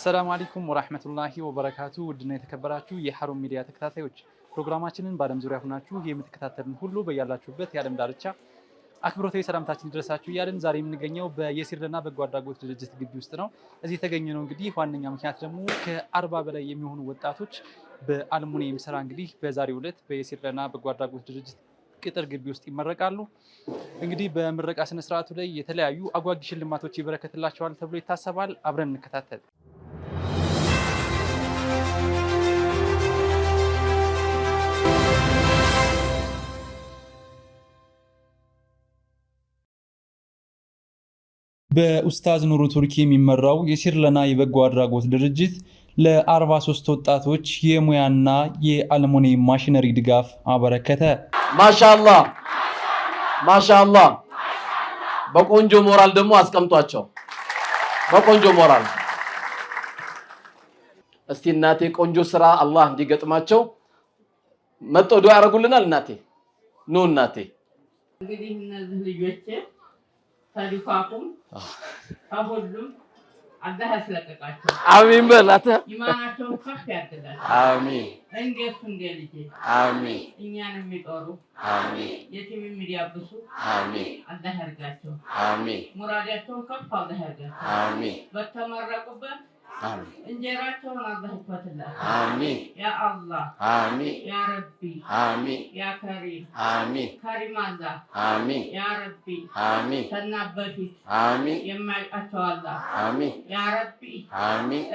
አሰላሙ አለይኩም ወራህመቱላሂ ወበረካቱ። ውድና የተከበራችሁ የሀሩን ሚዲያ ተከታታዮች ፕሮግራማችንን በዓለም ዙሪያ ሁናችሁ የምትከታተሉን ሁሉ በያላችሁበት የዓለም ዳርቻ አክብሮታዊ ሰላምታችን ይድረሳችሁ እያለን ዛሬ የምንገኘው በየሲርለና በጎ አድራጎት ድርጅት ግቢ ውስጥ ነው። እዚህ የተገኘ ነው እንግዲህ ዋነኛ ምክንያት ደግሞ ከአርባ በላይ የሚሆኑ ወጣቶች በአልሙኒየም ስራ እንግዲህ በዛሬው ዕለት በየሲርለና በጎ አድራጎት ድርጅት ቅጥር ግቢ ውስጥ ይመረቃሉ። እንግዲህ በምረቃ ስነስርዓቱ ላይ የተለያዩ አጓጊ ሽልማቶች ይበረከትላቸዋል ተብሎ ይታሰባል። አብረን እንከታተል። በኡስታዝ ኑሩ ቱርኪ የሚመራው የሲርለና የበጎ አድራጎት ድርጅት ለ43 ወጣቶች የሙያና የአልሙኒየም ማሽነሪ ድጋፍ አበረከተ። ማሻላ ማሻላ። በቆንጆ ሞራል ደግሞ አስቀምጧቸው። በቆንጆ ሞራል እስቲ እናቴ ቆንጆ ስራ አላህ እንዲገጥማቸው መጥቶ ዱዓ ያደርጉልናል። እናቴ ኑ እናቴ እንግዲህ እነዚህ ልጆቼ ከሊፋኩም ከሁሉም አላህ ያስለቀቃቸው። አሚን ኢማናቸውን ከፍ ያድላቸው። አሚን እንዴት እንደ ልጄ አሚን። እኛን የሚጦሩ አሚን፣ የቲም የሚያብሱ አሚን፣ አላህ ያርጋቸው። አሚን። ሙራዳቸውን ከፍ አላህ ያርጋቸው። አሚን በተመረቁበት እንጀራቸውን አላህ ይክፈትላቸው። አሚን ያ አላህ አሚን ያ ረቢ ከሪም አሚን ከሪም አላህ አሚን ያ በፊት አሚን የማይቃቸው አላህ አሚን ያ ረቢ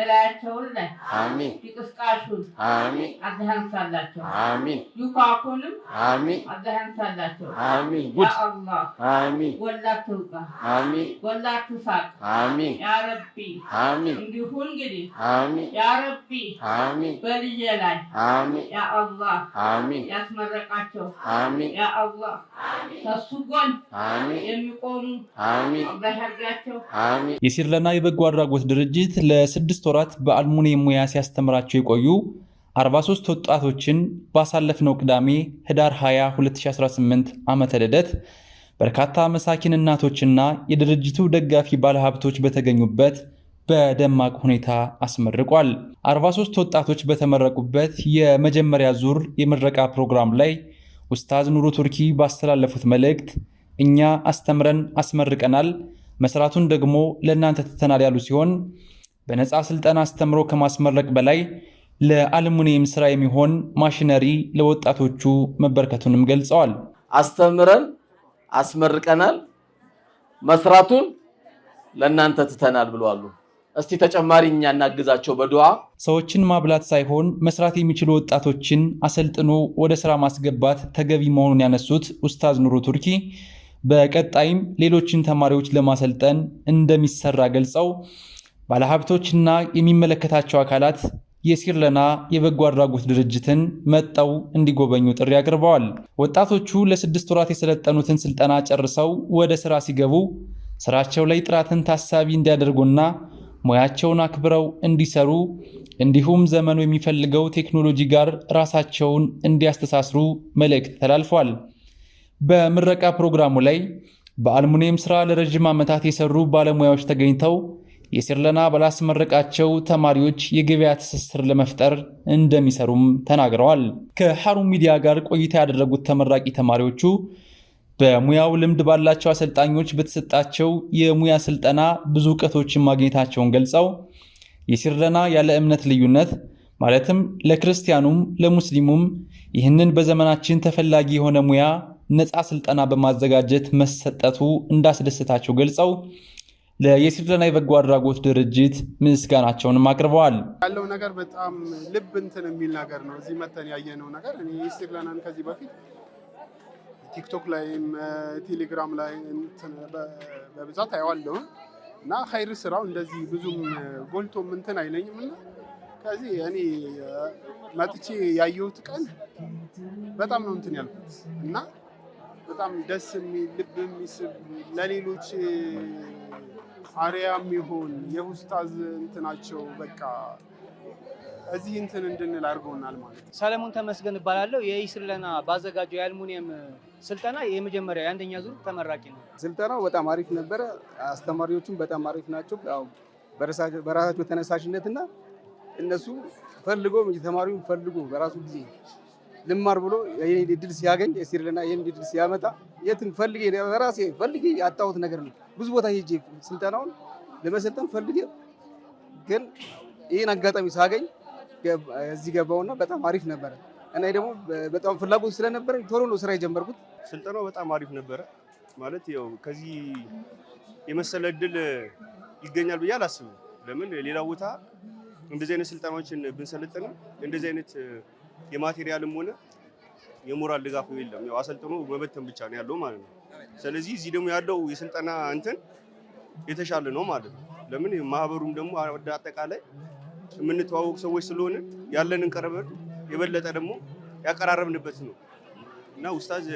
እላያቸውን ላይ አሚን ይቅስቃሹን አሚን አላህ ያንሳላቸው አሚን ዱካኩንም አሚን አላህ ያንሳላቸው አሚን ያ አላህ አሚን ወላትውቃ አሚን ወላትሳቅ አሚን ያ ረቢ እንግዲህ ያ ረቢ አሚን በልጄ ላይ አሚን ያ አላህ አሚን ያስመረቃቸው አሚን ያ አላህ ከሱ ጎን አሚን የሚቆሙ አሚን አላህ አሚን። የሲርለና የበጎ አድራጎት ድርጅት ለስድስት ወራት በአልሙኒየም ሙያ ሲያስተምራቸው የቆዩ 43 ወጣቶችን ባሳለፍነው ቅዳሜ ህዳር 20 2018 ዓመተ ልደት በርካታ መሳኪን እናቶችና የድርጅቱ ደጋፊ ባለሀብቶች በተገኙበት በደማቅ ሁኔታ አስመርቋል። 43 ወጣቶች በተመረቁበት የመጀመሪያ ዙር የምረቃ ፕሮግራም ላይ ኡስታዝ ኑሩ ቱርኪ ባስተላለፉት መልእክት እኛ አስተምረን አስመርቀናል፣ መስራቱን ደግሞ ለእናንተ ትተናል ያሉ ሲሆን በነፃ ስልጠና አስተምሮ ከማስመረቅ በላይ ለአልሙኒየም ስራ የሚሆን ማሽነሪ ለወጣቶቹ መበርከቱንም ገልጸዋል። አስተምረን አስመርቀናል፣ መስራቱን ለእናንተ ትተናል ብለዋሉ። እስቲ ተጨማሪ እኛ እናግዛቸው በዱዓ ሰዎችን ማብላት ሳይሆን መስራት የሚችሉ ወጣቶችን አሰልጥኖ ወደ ስራ ማስገባት ተገቢ መሆኑን ያነሱት ኡስታዝ ኑሩ ቱርኪ በቀጣይም ሌሎችን ተማሪዎች ለማሰልጠን እንደሚሰራ ገልጸው ባለሀብቶችና የሚመለከታቸው አካላት የሲርለና የበጎ አድራጎት ድርጅትን መጠው እንዲጎበኙ ጥሪ አቅርበዋል። ወጣቶቹ ለስድስት ወራት የሰለጠኑትን ስልጠና ጨርሰው ወደ ስራ ሲገቡ ስራቸው ላይ ጥራትን ታሳቢ እንዲያደርጉና ሙያቸውን አክብረው እንዲሰሩ እንዲሁም ዘመኑ የሚፈልገው ቴክኖሎጂ ጋር ራሳቸውን እንዲያስተሳስሩ መልእክት ተላልፏል። በምረቃ ፕሮግራሙ ላይ በአልሙኒየም ሥራ ለረዥም ዓመታት የሰሩ ባለሙያዎች ተገኝተው የሲርለና ባላስመረቃቸው ተማሪዎች የገበያ ትስስር ለመፍጠር እንደሚሰሩም ተናግረዋል። ከሃሩን ሚዲያ ጋር ቆይታ ያደረጉት ተመራቂ ተማሪዎቹ በሙያው ልምድ ባላቸው አሰልጣኞች በተሰጣቸው የሙያ ስልጠና ብዙ እውቀቶችን ማግኘታቸውን ገልጸው የሲረና ያለ እምነት ልዩነት ማለትም ለክርስቲያኑም ለሙስሊሙም ይህንን በዘመናችን ተፈላጊ የሆነ ሙያ ነፃ ስልጠና በማዘጋጀት መሰጠቱ እንዳስደሰታቸው ገልጸው ለየሲርለና የበጎ አድራጎት ድርጅት ምስጋናቸውንም አቅርበዋል። ያለው ነገር በጣም ልብ እንትን የሚል ነገር ነው። እዚህ መተን ያየነው ነገር የሲርለናን ከዚህ በፊት ቲክቶክ ላይም ቴሌግራም ላይ በብዛት አየዋለሁ እና ኸይር ስራው እንደዚህ ብዙም ጎልቶ ምንትን አይለኝም እና ከዚህ እኔ መጥቼ ያየሁት ቀን በጣም ነው እንትን ያልኩት እና በጣም ደስ የሚል ልብ የሚስብ ለሌሎች አሪያ የሚሆን የውስጣዝ እንትናቸው በቃ እዚህ እንትን እንድንል አድርገውናል ማለት ነው። ሰለሞን ተመስገን እባላለሁ። የኢስርለና ባዘጋጀው የአልሙኒየም ስልጠና የመጀመሪያ የአንደኛ ዙር ተመራቂ ነው። ስልጠናው በጣም አሪፍ ነበረ። አስተማሪዎቹም በጣም አሪፍ ናቸው። በራሳቸው ተነሳሽነት እና እነሱ ፈልጎ ተማሪውን ፈልጎ በራሱ ጊዜ ልማር ብሎ ድል ሲያገኝ ሲርልና የኔ ድል ሲያመጣ የትም ፈልጌ በራሴ ፈልጌ ያጣሁት ነገር ነው። ብዙ ቦታ ሄጄ ስልጠናውን ለመሰልጠን ፈልጌ ግን ይህን አጋጣሚ ሳገኝ እዚህ ገባውና በጣም አሪፍ ነበረ። እና ደግሞ በጣም ፍላጎት ስለነበረ ቶሎ ነው ስራ የጀመርኩት። ስልጠናው በጣም አሪፍ ነበረ። ማለት ያው ከዚህ የመሰለ እድል ይገኛል ብዬ አላስብም። ለምን ሌላ ቦታ እንደዚህ አይነት ስልጠናዎችን ብንሰለጥንም እንደዚህ አይነት የማቴሪያልም ሆነ የሞራል ድጋፍ የለም። ያው አሰልጥኖ መበተን ብቻ ነው ያለው ማለት ነው። ስለዚህ እዚህ ደግሞ ያለው የስልጠና እንትን የተሻለ ነው ማለት ነው። ለምን ማህበሩም ደግሞ አጠቃላይ የምንተዋወቅ ሰዎች ስለሆነ ያለንን ቀረበት የበለጠ ደግሞ ያቀራረብንበት ነው እና ውስታዝ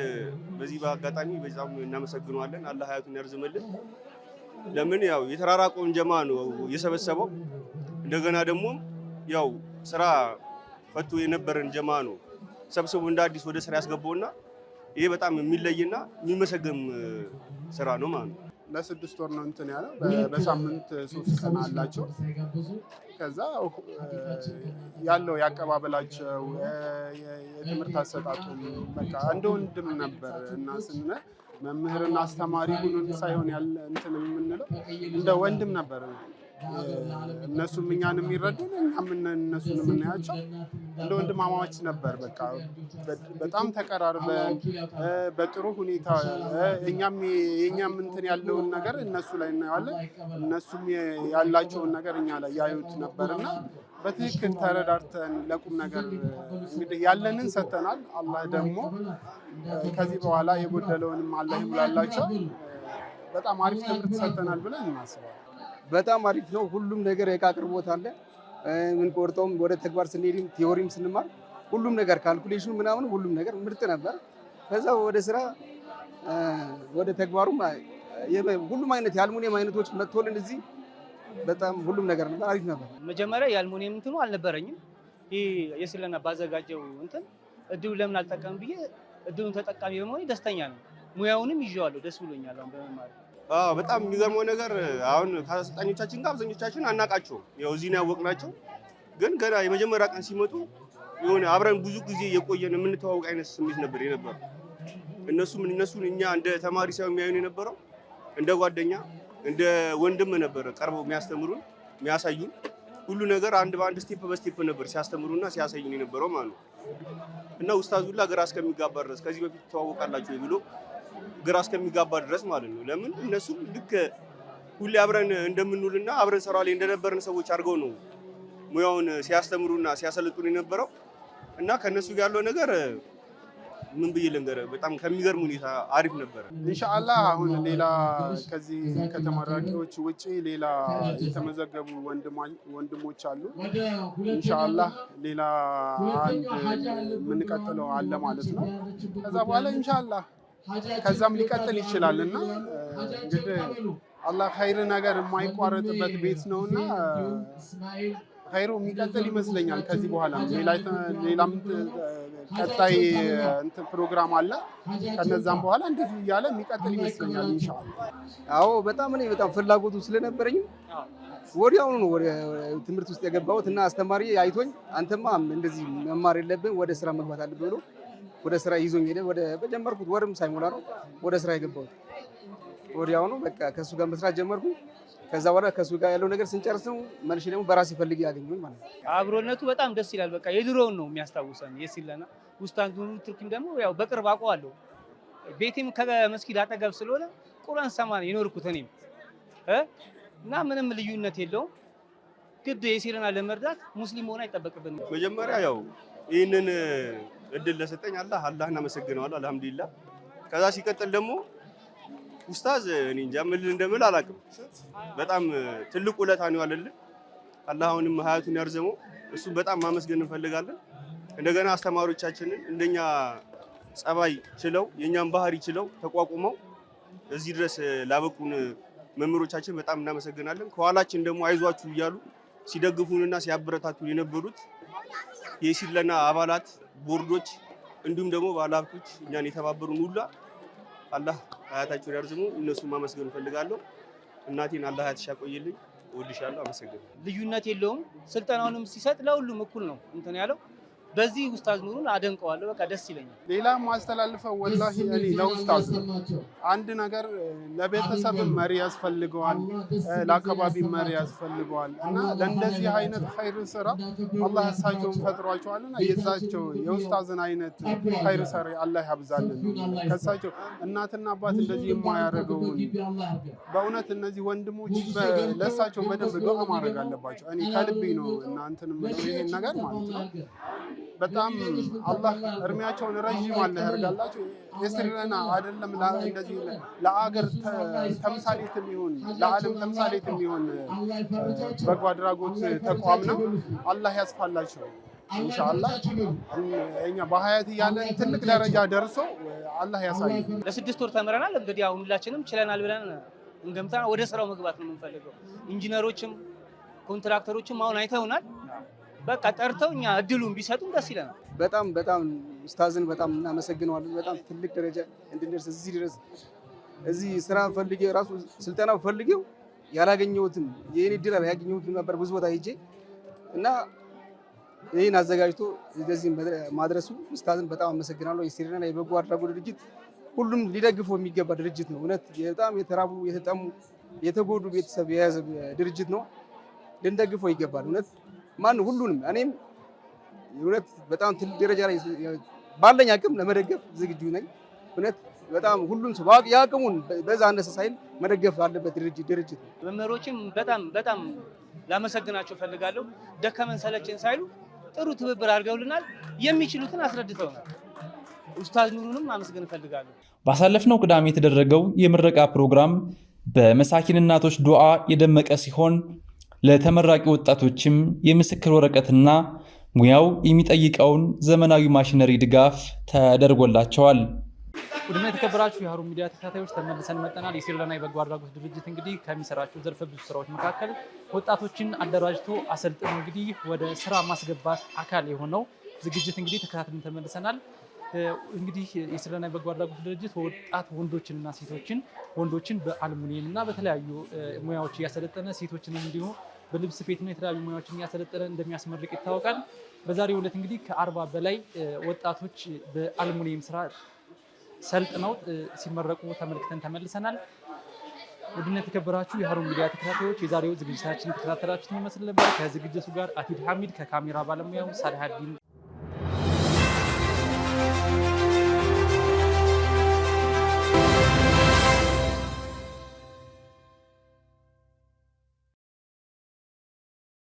በዚህ በአጋጣሚ በዛም እናመሰግነዋለን። አላህ ሀያቱን ያርዝመልን። ለምን ያው የተራራቀውን ጀማ ነው የሰበሰበው። እንደገና ደግሞ ያው ስራ ፈቶ የነበረን ጀማ ነው ሰብስቦ እንደ አዲስ ወደ ስራ ያስገባውና ይሄ በጣም የሚለይና የሚመሰገም ስራ ነው ማለት ነው። ለስድስት ወር ነው እንትን ያለው በሳምንት ሶስት ቀን አላቸው። ከዛ ያለው ያቀባበላቸው የትምህርት አሰጣጡ በቃ እንደ ወንድም ነበር እና ስነ መምህርና አስተማሪ ሁኑን ሳይሆን ያለ እንትን የምንለው እንደ ወንድም ነበር። እነሱም እኛን የሚረዱን እኛም እነሱን የምናያቸው እንደ ወንድማማች ነበር። በቃ በጣም ተቀራርበን በጥሩ ሁኔታ እኛም የእኛም እንትን ያለውን ነገር እነሱ ላይ እናየዋለን፣ እነሱም ያላቸውን ነገር እኛ ላይ ያዩት ነበርና በትክክል ተረዳርተን ለቁም ነገር እንግዲህ ያለንን ሰጥተናል። አላህ ደግሞ ከዚህ በኋላ የጎደለውንም አላህ ይሙላላቸው። በጣም አሪፍ ትምህርት ሰጥተናል ብለን እናስባለን። በጣም አሪፍ ነው። ሁሉም ነገር የእቃ አቅርቦት አለ። የምንቆርጠውም ወደ ተግባር ስንሄድም ቲዎሪም ስንማር ሁሉም ነገር ካልኩሌሽኑ ምናምን ሁሉም ነገር ምርጥ ነበር። ከዛ ወደ ስራ ወደ ተግባሩም ሁሉም አይነት የአልሙኒየም አይነቶች መጥቶልን እዚህ በጣም ሁሉም ነገር ነበር፣ አሪፍ ነበር። መጀመሪያ የአልሙኒየም እንትኑ አልነበረኝም። ይህ የስለና ባዘጋጀው እንትን እድሉ ለምን አልጠቀም ብዬ እድሉን ተጠቃሚ በመሆኔ ደስተኛ ነው። ሙያውንም ይዤዋለሁ፣ ደስ ብሎኛል አሁን በመማር አዎ በጣም የሚገርመው ነገር አሁን ከአሰልጣኞቻችን ጋር አብዛኞቻችን አናቃቸው፣ ያው እዚህ ነው ያወቅናቸው። ግን ገና የመጀመሪያ ቀን ሲመጡ የሆነ አብረን ብዙ ጊዜ የቆየን የምንተዋወቅ አይነት ስሜት ነበር የነበረው። እነሱም እነሱን እኛ እንደ ተማሪ ሳይሆን የሚያዩን የነበረው እንደ ጓደኛ እንደ ወንድም ነበረ ቀርበው የሚያስተምሩን የሚያሳዩን ሁሉ ነገር አንድ በአንድ ስቴፕ በስቴፕ ነበር ሲያስተምሩና ሲያሳዩን የነበረው ማለት ነው። እና ውስታዙላ ግራ እስከሚጋባ ድረስ ከዚህ በፊት ተዋወቃላችሁ ብሎ ግራ እስከሚጋባ ድረስ ማለት ነው። ለምን እነሱም ልክ ሁሌ አብረን እንደምንውልና አብረን ስራ ላይ እንደነበርን ሰዎች አድርገው ነው ሙያውን ሲያስተምሩና ሲያሰለጡን የነበረው እና ከእነሱ ጋር ያለው ነገር ምን ብዬ ልንገርህ፣ በጣም ከሚገርም ሁኔታ አሪፍ ነበረ። እንሻአላ አሁን ሌላ ከዚህ ከተመራቂዎች ውጭ ሌላ የተመዘገቡ ወንድሞች አሉ። እንሻአላ ሌላ አንድ የምንቀጥለው አለ ማለት ነው። ከዛ በኋላ ኢንሻአላህ ከዛም ሊቀጥል ይችላል እና እንግዲህ አላህ ኸይር ነገር የማይቋረጥበት ቤት እና ኸይሩ የሚቀጥል ይመስለኛል። ከዚህ በኋላ ሌላም ቀጣይ እንትን ፕሮግራም አለ። ከነዛም በኋላ እንደዚህ እያለ የሚቀጥል ይመስለኛል ኢንሻአላህ። አዎ በጣም እኔ በጣም ፍላጎቱ ስለነበረኝ ወዲያውኑ ነው ወደ ትምህርት ውስጥ የገባሁት እና አስተማሪ አይቶኝ አንተማ እንደዚህ መማር የለብን ወደ ስራ መግባት አለብህ ብሎ ወደ ስራ ይዞኝ ሄደ። ወደ በጀመርኩት ወርም ሳይሞላ ነው ወደ ስራ የገባሁት። ወዲያውኑ በቃ ከእሱ ጋር መስራት ጀመርኩ። ከዛ በኋላ ከእሱ ጋር ያለው ነገር ስንጨርስ ነው መልሼ ደግሞ በራሴ ፈልጌ ያገኘሁኝ ማለት ነው። አብሮነቱ በጣም ደስ ይላል። በቃ የድሮውን ነው የሚያስታውሰን። የሲለና ውስታን ትርኪም ደግሞ ያው በቅርብ አውቀዋለሁ። ቤቴም ከመስጊድ አጠገብ ስለሆነ ቁራን ሰማን የኖርኩት እኔም እና ምንም ልዩነት የለውም። ግድ የሲለና ለመርዳት ሙስሊም መሆን አይጠበቅብን። መጀመሪያ ያው ይህንን እድል ለሰጠኝ አላህ አላህ እናመሰግነዋለሁ። አልሐምዱሊላ። ከዛ ሲቀጥል ደግሞ ኡስታዝ እኔ እንጃ ምን እንደምል አላውቅም። በጣም ትልቅ ውለታ ነው ያለልን። አላህ አሁንም ሀያቱን ያርዘመው። እሱን በጣም ማመስገን እንፈልጋለን። እንደገና አስተማሪዎቻችንን እንደኛ ጸባይ ችለው የእኛን ባህሪ ችለው ተቋቁመው እዚህ ድረስ ላበቁን መምህሮቻችን በጣም እናመሰግናለን። ከኋላችን ደግሞ አይዟችሁ እያሉ ሲደግፉንና ሲያበረታቱን የነበሩት የሲለና አባላት ቦርዶች እንዲሁም ደግሞ ባለሀብቶች እኛን የተባበሩን ሁላ አላህ ሀያታቸውን ያርዝሙ። እነሱን ማመስገን እፈልጋለሁ። እናቴን አላህ ሀያት ቆይልኝ። ወድሻለሁ። አመሰግናለሁ። ልዩነት የለውም። ስልጠናውንም ሲሰጥ ለሁሉም እኩል ነው እንትን ያለው በዚህ ውስታዝ ኑሩን አደንቀዋለሁ። በቃ ደስ ይለኛል። ሌላ ማስተላልፈው ወላሂ እኔ ለውስታዝ አንድ ነገር ለቤተሰብ መሪ ያስፈልገዋል፣ ለአካባቢ መሪ ያስፈልገዋል እና ለእንደዚህ አይነት ኸይር ስራ አላህ እሳቸውን ፈጥሯቸዋልና የዛቸው የውስታዝን አይነት ኸይር ሰሪ አላህ ያብዛልን። ከእሳቸው እናትና አባት እንደዚህ የማያደርገውን በእውነት እነዚህ ወንድሞች ለእሳቸው በደንብ ዱዓ ማድረግ አለባቸው። እኔ ከልቤ ነው እናንትን ይሄን ነገር ማለት ነው በጣም አላህ እድሜያቸውን ረዥም አለ ያርጋላቸው። የስሪረና አይደለም እንደዚህ ለአገር ተምሳሌት የሚሆን ለዓለም ተምሳሌት የሚሆን በጎ አድራጎት ተቋም ነው። አላህ ያስፋላቸው ኢንሻአላህ። እኛ በሀያት እያለን ትልቅ ደረጃ ደርሶ አላህ ያሳይ። ለስድስት ወር ተምረናል። እንግዲህ አሁን ሁላችንም ችለናል ብለን እንገምታ ወደ ስራው መግባት ነው የምንፈልገው። ኢንጂነሮችም ኮንትራክተሮችም አሁን አይተውናል። በቃ ጠርተው እኛ እድሉን ቢሰጡን ደስ ይለናል። በጣም በጣም ኡስታዝን በጣም እናመሰግነዋለን። በጣም ትልቅ ደረጃ እንድንደርስ እዚህ ድረስ እዚህ ስራ ፈልጌ ራሱ ስልጠናው ፈልጌው ያላገኘሁትን ይህን እድል ያገኘሁትን ነበር ብዙ ቦታ ሄጄ እና ይህን አዘጋጅቶ እንደዚህ ማድረሱ ኡስታዝን በጣም አመሰግናለሁ። የሲሪና የበጎ አድራጎት ድርጅት ሁሉም ሊደግፈው የሚገባ ድርጅት ነው። እውነት በጣም የተራቡ የተጠሙ የተጎዱ ቤተሰብ የያዘ ድርጅት ነው። ልንደግፈው ይገባል እውነት ማን ሁሉንም እኔም እውነት በጣም ትልቅ ደረጃ ላይ ባለኝ አቅም ለመደገፍ ዝግጁ ነኝ። እውነት በጣም ሁሉን ሰው የአቅሙን በዛ አነሰ ሳይል መደገፍ አለበት ድርጅት ድርጅት ነው። መምህሮችም በጣም በጣም ላመሰግናቸው ፈልጋለሁ። ደከመን ሰለችን ሳይሉ ጥሩ ትብብር አድርገውልናል። የሚችሉትን አስረድተውናል። ኡስታዝ ኑሩንም አመስገን እፈልጋለሁ። ባሳለፍነው ቅዳሜ የተደረገው የምረቃ ፕሮግራም በመሳኪን እናቶች ዱዓ የደመቀ ሲሆን ለተመራቂ ወጣቶችም የምስክር ወረቀትና ሙያው የሚጠይቀውን ዘመናዊ ማሽነሪ ድጋፍ ተደርጎላቸዋል። ውድና የተከበራችሁ የሀሩ ሚዲያ ተከታታዮች ተመልሰን መጠናል። የሲሪልና የበጎ አድራጎት ድርጅት እንግዲህ ከሚሰራቸው ዘርፈ ብዙ ስራዎች መካከል ወጣቶችን አደራጅቶ አሰልጥኖ እንግዲህ ወደ ስራ ማስገባት አካል የሆነው ዝግጅት እንግዲህ ተከታትለን ተመልሰናል። እንግዲህ የስለና የበጎ አድራጎት ድርጅት ወጣት ወንዶችንና ሴቶችን ወንዶችን በአልሙኒየም እና በተለያዩ ሙያዎች እያሰለጠነ ሴቶችንም እንዲሁ በልብስ ስፌትና የተለያዩ ሙያዎችን እያሰለጠነ እንደሚያስመርቅ ይታወቃል። በዛሬው ዕለት እንግዲህ ከአርባ በላይ ወጣቶች በአልሙኒየም ስራ ሰልጥነው ሲመረቁ ተመልክተን ተመልሰናል። ውድነት የተከበራችሁ የሀሩን ሚዲያ ተከታታዮች የዛሬው ዝግጅታችን ተከታተላችሁት ይመስል ነበር። ከዝግጅቱ ጋር አቲድ ሐሚድ ከካሜራ ባለሙያው ሳልሃዲን